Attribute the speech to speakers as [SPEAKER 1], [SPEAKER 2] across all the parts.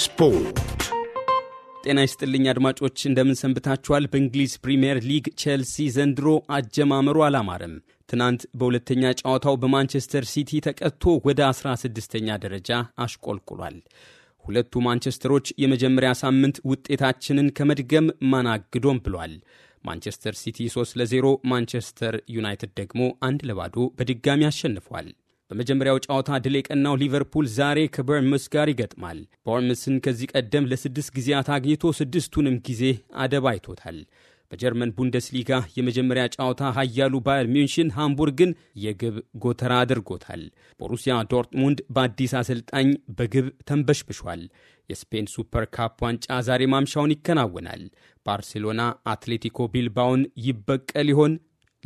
[SPEAKER 1] ስፖርት ጤና ይስጥልኝ አድማጮች፣ እንደምን ሰንብታችኋል? በእንግሊዝ ፕሪምየር ሊግ ቼልሲ ዘንድሮ አጀማመሩ አላማረም። ትናንት በሁለተኛ ጨዋታው በማንቸስተር ሲቲ ተቀጥቶ ወደ 16ኛ ደረጃ አሽቆልቁሏል። ሁለቱ ማንቸስተሮች የመጀመሪያ ሳምንት ውጤታችንን ከመድገም ማናግዶም ብሏል። ማንቸስተር ሲቲ 3 ለ0፣ ማንቸስተር ዩናይትድ ደግሞ አንድ ለባዶ በድጋሚ አሸንፏል። በመጀመሪያው ጨዋታ ድል የቀናው ሊቨርፑል ዛሬ ከበርንምስ ጋር ይገጥማል። ቦርንምስን ከዚህ ቀደም ለስድስት ጊዜያት አግኝቶ ስድስቱንም ጊዜ አደባይቶታል። በጀርመን ቡንደስሊጋ የመጀመሪያ ጨዋታ ኃያሉ ባየር ሚንሽን ሃምቡርግን የግብ ጎተራ አድርጎታል። ቦሩሲያ ዶርትሙንድ በአዲስ አሰልጣኝ በግብ ተንበሽብሿል። የስፔን ሱፐር ካፕ ዋንጫ ዛሬ ማምሻውን ይከናወናል። ባርሴሎና አትሌቲኮ ቢልባውን ይበቀል ይሆን?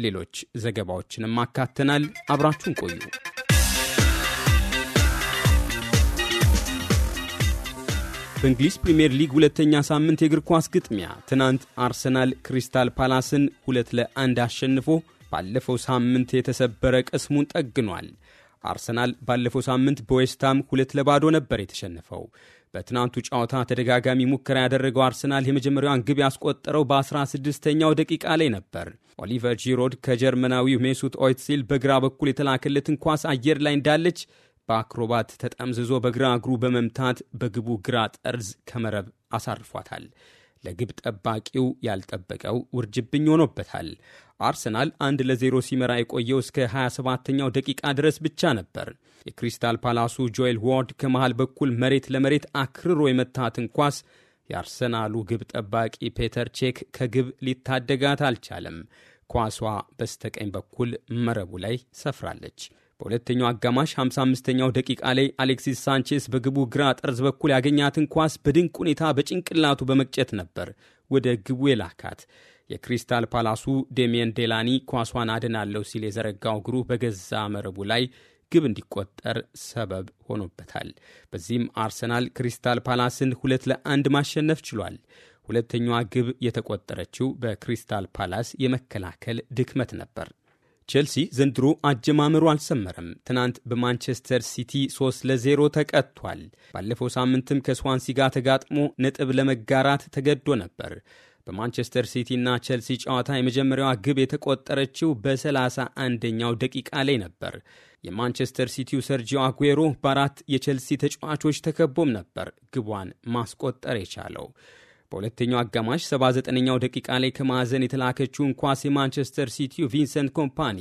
[SPEAKER 1] ሌሎች ዘገባዎችንም አካተናል። አብራችሁን ቆዩ። በእንግሊዝ ፕሪምየር ሊግ ሁለተኛ ሳምንት የእግር ኳስ ግጥሚያ ትናንት አርሰናል ክሪስታል ፓላስን ሁለት ለአንድ አሸንፎ ባለፈው ሳምንት የተሰበረ ቅስሙን ጠግኗል። አርሰናል ባለፈው ሳምንት በዌስትሃም ሁለት ለባዶ ነበር የተሸነፈው። በትናንቱ ጨዋታ ተደጋጋሚ ሙከራ ያደረገው አርሰናል የመጀመሪያዋን ግብ ያስቆጠረው በ16ኛው ደቂቃ ላይ ነበር። ኦሊቨር ጂሮድ ከጀርመናዊው ሜሱት ኦይትሲል በግራ በኩል የተላከለትን ኳስ አየር ላይ እንዳለች በአክሮባት ተጠምዝዞ በግራ እግሩ በመምታት በግቡ ግራ ጠርዝ ከመረብ አሳርፏታል። ለግብ ጠባቂው ያልጠበቀው ውርጅብኝ ሆኖበታል። አርሰናል አንድ ለዜሮ ሲመራ የቆየው እስከ 27ኛው ደቂቃ ድረስ ብቻ ነበር። የክሪስታል ፓላሱ ጆኤል ዋርድ ከመሃል በኩል መሬት ለመሬት አክርሮ የመታትን ኳስ የአርሰናሉ ግብ ጠባቂ ፔተር ቼክ ከግብ ሊታደጋት አልቻለም። ኳሷ በስተቀኝ በኩል መረቡ ላይ ሰፍራለች። በሁለተኛው አጋማሽ 55ኛው ደቂቃ ላይ አሌክሲስ ሳንቼስ በግቡ ግራ ጠርዝ በኩል ያገኛትን ኳስ በድንቅ ሁኔታ በጭንቅላቱ በመቅጨት ነበር ወደ ግቡ የላካት። የክሪስታል ፓላሱ ዴሚየን ዴላኒ ኳሷን አድናለሁ ሲል የዘረጋው እግሩ በገዛ መረቡ ላይ ግብ እንዲቆጠር ሰበብ ሆኖበታል። በዚህም አርሰናል ክሪስታል ፓላስን ሁለት ለአንድ ማሸነፍ ችሏል። ሁለተኛዋ ግብ የተቆጠረችው በክሪስታል ፓላስ የመከላከል ድክመት ነበር። ቼልሲ ዘንድሮ አጀማመሩ አልሰመረም። ትናንት በማንቸስተር ሲቲ 3 ዜ0 ተቀጥቷል። ባለፈው ሳምንትም ከስዋንሲ ጋር ተጋጥሞ ነጥብ ለመጋራት ተገዶ ነበር። በማንቸስተር ሲቲና ቼልሲ ጨዋታ የመጀመሪያዋ ግብ የተቆጠረችው በሰላሳ አንደኛው ደቂቃ ላይ ነበር። የማንቸስተር ሲቲው ሰርጂዮ አጉዌሮ በአራት የቼልሲ ተጫዋቾች ተከቦም ነበር ግቧን ማስቆጠር የቻለው። በሁለተኛው አጋማሽ 79ኛው ደቂቃ ላይ ከማዕዘን የተላከችውን ኳስ የማንቸስተር ሲቲው ቪንሰንት ኮምፓኒ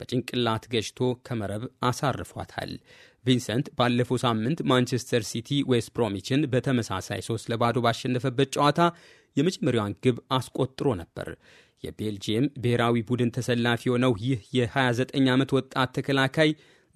[SPEAKER 1] በጭንቅላት ገጭቶ ከመረብ አሳርፏታል። ቪንሰንት ባለፈው ሳምንት ማንቸስተር ሲቲ ዌስት ብሮሚችን በተመሳሳይ ሶስት ለባዶ ባሸነፈበት ጨዋታ የመጀመሪያዋን ግብ አስቆጥሮ ነበር። የቤልጂየም ብሔራዊ ቡድን ተሰላፊ የሆነው ይህ የ29 ዓመት ወጣት ተከላካይ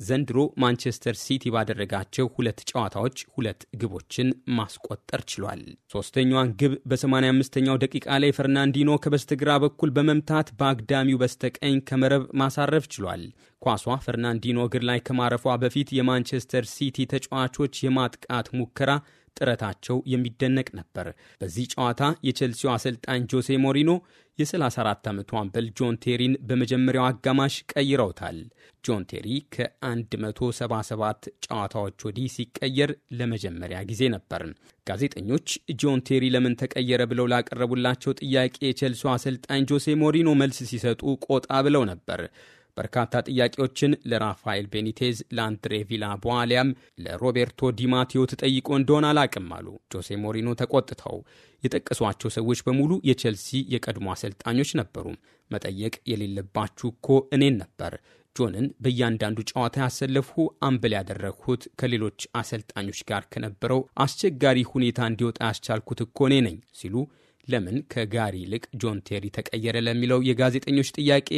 [SPEAKER 1] ዘንድሮ ማንቸስተር ሲቲ ባደረጋቸው ሁለት ጨዋታዎች ሁለት ግቦችን ማስቆጠር ችሏል። ሶስተኛዋን ግብ በ85ኛው ደቂቃ ላይ ፈርናንዲኖ ከበስተግራ በኩል በመምታት በአግዳሚው በስተቀኝ ከመረብ ማሳረፍ ችሏል። ኳሷ ፈርናንዲኖ እግር ላይ ከማረፏ በፊት የማንቸስተር ሲቲ ተጫዋቾች የማጥቃት ሙከራ ጥረታቸው የሚደነቅ ነበር። በዚህ ጨዋታ የቼልሲው አሰልጣኝ ጆሴ ሞሪኖ የ34 ዓመቱ አምበል ጆን ቴሪን በመጀመሪያው አጋማሽ ቀይረውታል። ጆን ቴሪ ከ177 ጨዋታዎች ወዲህ ሲቀየር ለመጀመሪያ ጊዜ ነበር። ጋዜጠኞች ጆን ቴሪ ለምን ተቀየረ ብለው ላቀረቡላቸው ጥያቄ የቼልሲው አሰልጣኝ ጆሴ ሞሪኖ መልስ ሲሰጡ ቆጣ ብለው ነበር። በርካታ ጥያቄዎችን ለራፋኤል ቤኒቴዝ፣ ለአንድሬ ቪላ ቦዋሊያም ለሮቤርቶ ዲማቴዮ ተጠይቆ እንደሆነ አላቅም አሉ ጆሴ ሞሪኖ ተቆጥተው። የጠቀሷቸው ሰዎች በሙሉ የቼልሲ የቀድሞ አሰልጣኞች ነበሩ። መጠየቅ የሌለባችሁ እኮ እኔን ነበር ጆንን በእያንዳንዱ ጨዋታ ያሰለፍሁ አምበል ያደረግሁት ከሌሎች አሰልጣኞች ጋር ከነበረው አስቸጋሪ ሁኔታ እንዲወጣ ያስቻልኩት እኮ እኔ ነኝ ሲሉ ለምን ከጋሪ ይልቅ ጆን ቴሪ ተቀየረ ለሚለው የጋዜጠኞች ጥያቄ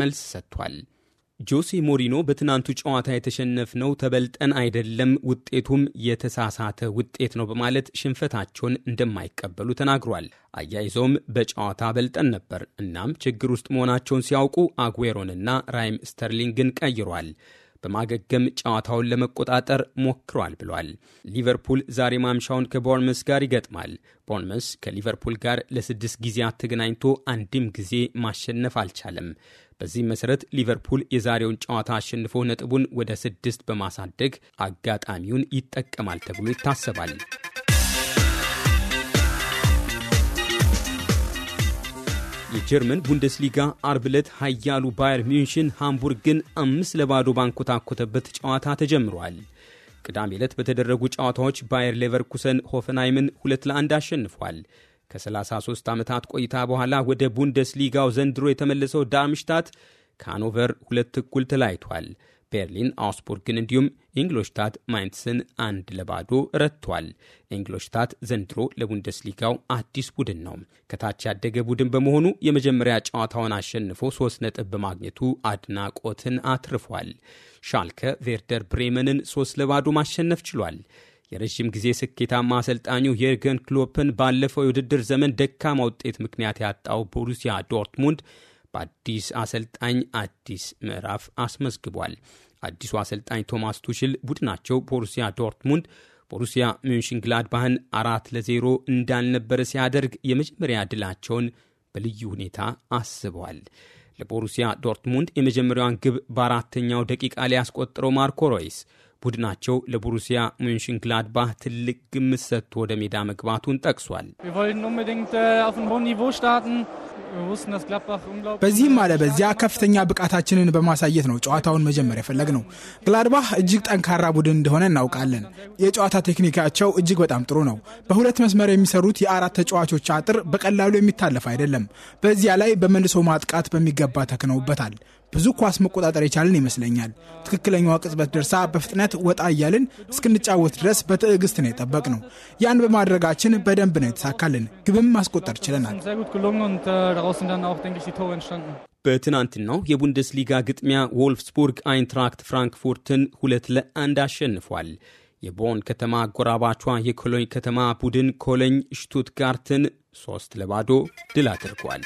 [SPEAKER 1] መልስ ሰጥቷል። ጆሴ ሞሪኖ በትናንቱ ጨዋታ የተሸነፍነው ተበልጠን አይደለም፣ ውጤቱም የተሳሳተ ውጤት ነው በማለት ሽንፈታቸውን እንደማይቀበሉ ተናግሯል። አያይዘውም በጨዋታ በልጠን ነበር፣ እናም ችግር ውስጥ መሆናቸውን ሲያውቁ አጉዌሮንና ራይም ስተርሊንግን ቀይሯል። በማገገም ጨዋታውን ለመቆጣጠር ሞክሯል ብሏል። ሊቨርፑል ዛሬ ማምሻውን ከቦርንመስ ጋር ይገጥማል። ቦርንመስ ከሊቨርፑል ጋር ለስድስት ጊዜያት ተገናኝቶ አንድም ጊዜ ማሸነፍ አልቻለም። በዚህም መሰረት ሊቨርፑል የዛሬውን ጨዋታ አሸንፎ ነጥቡን ወደ ስድስት በማሳደግ አጋጣሚውን ይጠቀማል ተብሎ ይታሰባል። የጀርመን ቡንደስሊጋ አርብ ዕለት ኃያሉ ባየር ሚንሽን ሃምቡርግን አምስት ለባዶ ባንኮታኮተበት ጨዋታ ተጀምሯል። ቅዳሜ ዕለት በተደረጉ ጨዋታዎች ባየር ሌቨርኩሰን ሆፈንሃይምን ሁለት ለአንድ አሸንፏል። ከ33 ዓመታት ቆይታ በኋላ ወደ ቡንደስሊጋው ዘንድሮ የተመለሰው ዳርምሽታት ከአኖቨር ሁለት እኩል ተለያይቷል። ቤርሊን አውስቡርግን እንዲሁም ኢንግሎሽታት ማይንትስን አንድ ለባዶ ረትቷል። ኢንግሎሽታት ዘንድሮ ለቡንደስሊጋው አዲስ ቡድን ነው። ከታች ያደገ ቡድን በመሆኑ የመጀመሪያ ጨዋታውን አሸንፎ ሶስት ነጥብ በማግኘቱ አድናቆትን አትርፏል። ሻልከ ቬርደር ብሬመንን ሶስት ለባዶ ማሸነፍ ችሏል። የረዥም ጊዜ ስኬታማ አሰልጣኙ የርገን ክሎፕን ባለፈው የውድድር ዘመን ደካማ ውጤት ምክንያት ያጣው ቦሩሲያ ዶርትሙንድ በአዲስ አሰልጣኝ አዲስ ምዕራፍ አስመዝግቧል። አዲሱ አሰልጣኝ ቶማስ ቱሽል ቡድናቸው ቦሩሲያ ዶርትሙንድ ቦሩሲያ ሚንሽን ግላድባህን አራት ለዜሮ እንዳልነበረ ሲያደርግ የመጀመሪያ ድላቸውን በልዩ ሁኔታ አስበዋል። ለቦሩሲያ ዶርትሙንድ የመጀመሪያዋን ግብ በአራተኛው ደቂቃ ላይ ያስቆጠረው ማርኮ ሮይስ ቡድናቸው ለቦሩሲያ ሙንሽን ግላድባህ ትልቅ ግምት ሰጥቶ ወደ ሜዳ መግባቱን ጠቅሷል። በዚህም አለ በዚያ ከፍተኛ ብቃታችንን በማሳየት ነው ጨዋታውን መጀመር ነው። ግላድባህ እጅግ ጠንካራ ቡድን እንደሆነ እናውቃለን። የጨዋታ ቴክኒካቸው እጅግ በጣም ጥሩ ነው። በሁለት መስመር የሚሰሩት የአራት ተጫዋቾች አጥር በቀላሉ የሚታለፍ አይደለም። በዚያ ላይ በመልሶ ማጥቃት በሚገባ ተክነውበታል። ብዙ ኳስ መቆጣጠር የቻልን ይመስለኛል። ትክክለኛዋ ቅጽበት ደርሳ በፍጥነት ወጣ እያልን እስክንጫወት ድረስ በትዕግስት ነው የጠበቅ ነው። ያን በማድረጋችን በደንብ ነው የተሳካልን። ግብም ማስቆጠር ችለናል። በትናንትናው የቡንደስሊጋ ግጥሚያ ወልፍስቡርግ አይንትራክት ፍራንክፉርትን ሁለት ለአንድ አሸንፏል። የቦን ከተማ አጎራባቿ የኮሎኝ ከተማ ቡድን ኮሎኝ ሽቱትጋርትን ሶስት ለባዶ ድል አድርጓል።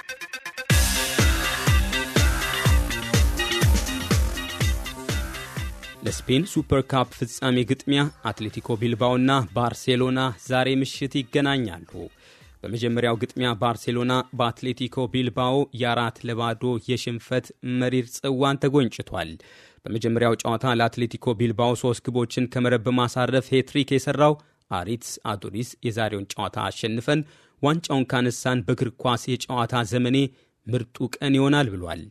[SPEAKER 1] በስፔን ሱፐር ካፕ ፍጻሜ ግጥሚያ አትሌቲኮ ቢልባኦና ባርሴሎና ዛሬ ምሽት ይገናኛሉ። በመጀመሪያው ግጥሚያ ባርሴሎና በአትሌቲኮ ቢልባኦ የአራት ለባዶ የሽንፈት መሪር ጽዋን ተጎንጭቷል። በመጀመሪያው ጨዋታ ለአትሌቲኮ ቢልባኦ ሶስት ግቦችን ከመረብ በማሳረፍ ሄትሪክ የሰራው አሪትስ አዱሪስ የዛሬውን ጨዋታ አሸንፈን ዋንጫውን ካነሳን በእግር ኳስ የጨዋታ ዘመኔ ምርጡ ቀን ይሆናል ብሏል።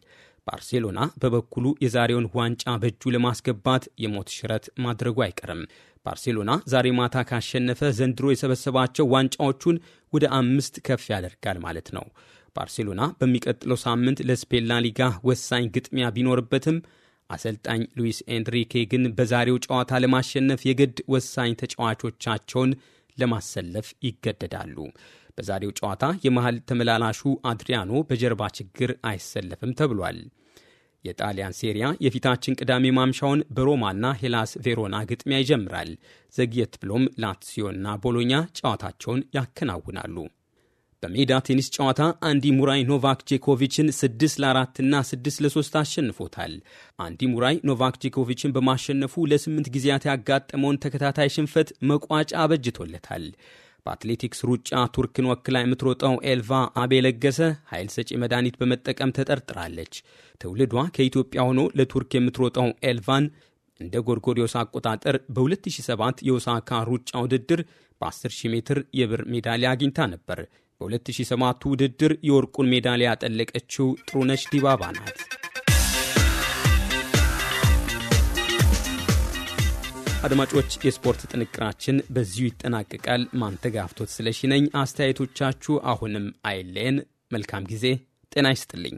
[SPEAKER 1] ባርሴሎና በበኩሉ የዛሬውን ዋንጫ በእጁ ለማስገባት የሞት ሽረት ማድረጉ አይቀርም። ባርሴሎና ዛሬ ማታ ካሸነፈ ዘንድሮ የሰበሰባቸው ዋንጫዎቹን ወደ አምስት ከፍ ያደርጋል ማለት ነው። ባርሴሎና በሚቀጥለው ሳምንት ለስፔን ሊጋ ወሳኝ ግጥሚያ ቢኖርበትም አሰልጣኝ ሉዊስ ኤንሪኬ ግን በዛሬው ጨዋታ ለማሸነፍ የግድ ወሳኝ ተጫዋቾቻቸውን ለማሰለፍ ይገደዳሉ። በዛሬው ጨዋታ የመሃል ተመላላሹ አድሪያኖ በጀርባ ችግር አይሰለፍም ተብሏል። የጣሊያን ሴሪያ የፊታችን ቅዳሜ ማምሻውን በሮማና ሄላስ ቬሮና ግጥሚያ ይጀምራል። ዘግየት ብሎም ላትሲዮና ቦሎኛ ጨዋታቸውን ያከናውናሉ። በሜዳ ቴኒስ ጨዋታ አንዲ ሙራይ ኖቫክ ጄኮቪችን 6 ለ4 እና 6 ለ3 አሸንፎታል። አንዲ ሙራይ ኖቫክ ጄኮቪችን በማሸነፉ ለስምንት ጊዜያት ያጋጠመውን ተከታታይ ሽንፈት መቋጫ አበጅቶለታል። በአትሌቲክስ ሩጫ ቱርክን ወክላ የምትሮጠው ኤልቫ አቤ ለገሰ ኃይል ሰጪ መድኃኒት በመጠቀም ተጠርጥራለች። ትውልዷ ከኢትዮጵያ ሆኖ ለቱርክ የምትሮጠው ኤልቫን እንደ ጎርጎሪዮስ አቆጣጠር በ2007 የኦሳካ ሩጫ ውድድር በ10000 ሜትር የብር ሜዳሊያ አግኝታ ነበር። በ2007 ውድድር የወርቁን ሜዳሊያ ያጠለቀችው ጥሩነሽ ዲባባ ናት። አድማጮች፣ የስፖርት ጥንቅራችን በዚሁ ይጠናቀቃል። ማንተጋፍቶት ስለሽነኝ አስተያየቶቻችሁ አሁንም አይለየን። መልካም ጊዜ። ጤና ይስጥልኝ።